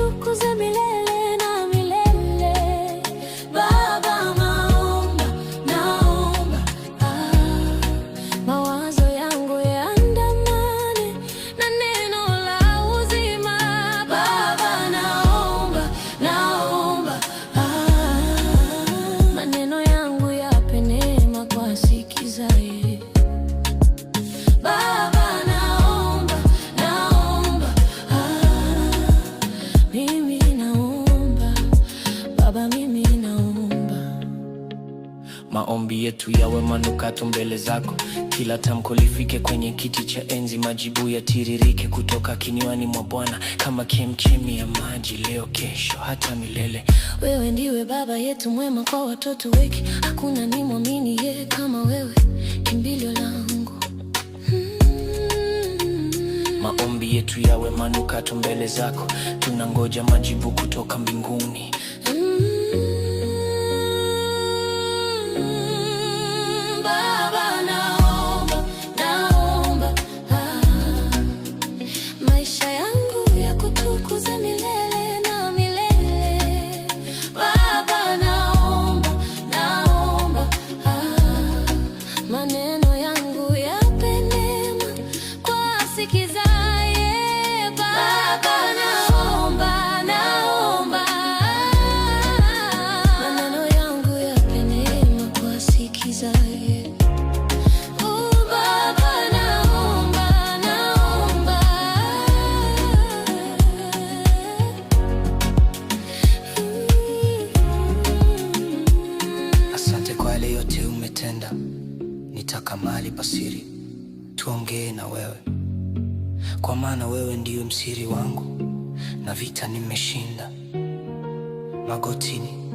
trucos é minha mimi naomba maombi yetu yawe manukato mbele zako, kila tamko lifike kwenye kiti cha enzi, majibu yatiririke kutoka kinywani mwa Bwana kama chemchemi ya maji, leo, kesho, hata milele. Wewe ndiwe baba yetu mwema, kwa watoto weki hakuna ni mwamini ye kama wewe, kimbilio langu Maombi yetu yawe manukato mbele zako, tunangoja majibu kutoka mbinguni. yale yote umetenda, nitaka mali pasiri tuongee na wewe, kwa maana wewe ndiyo msiri wangu na vita nimeshinda magotini